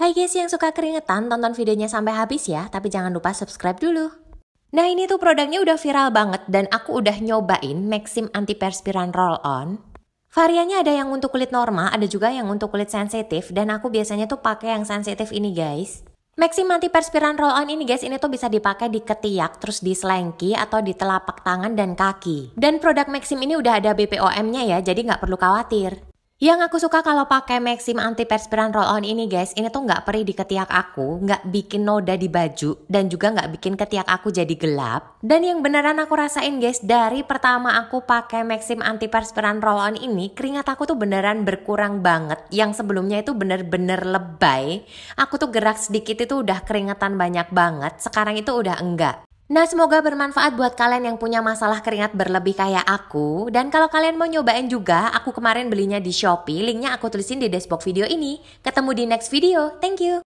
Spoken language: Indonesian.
Hai guys yang suka keringetan, tonton videonya sampai habis ya, tapi jangan lupa subscribe dulu. Nah ini tuh produknya udah viral banget dan aku udah nyobain Maxim Antiperspiran Roll On. Variannya ada yang untuk kulit normal, ada juga yang untuk kulit sensitif dan aku biasanya tuh pakai yang sensitif ini guys. Maxim Antiperspiran Roll On ini guys, ini tuh bisa dipakai di ketiak, terus di selengki atau di telapak tangan dan kaki. Dan produk Maxim ini udah ada BPOM-nya ya, jadi nggak perlu khawatir. Yang aku suka kalau pakai Maxim antiperspiran roll on ini guys, ini tuh nggak perih di ketiak aku, nggak bikin noda di baju, dan juga nggak bikin ketiak aku jadi gelap. Dan yang beneran aku rasain guys, dari pertama aku pakai Maxim antiperspiran roll on ini, keringat aku tuh beneran berkurang banget. Yang sebelumnya itu bener-bener lebay, aku tuh gerak sedikit itu udah keringetan banyak banget, sekarang itu udah enggak. Nah semoga bermanfaat buat kalian yang punya masalah keringat berlebih kayak aku Dan kalau kalian mau nyobain juga, aku kemarin belinya di Shopee Linknya aku tulisin di dashboard video ini Ketemu di next video, thank you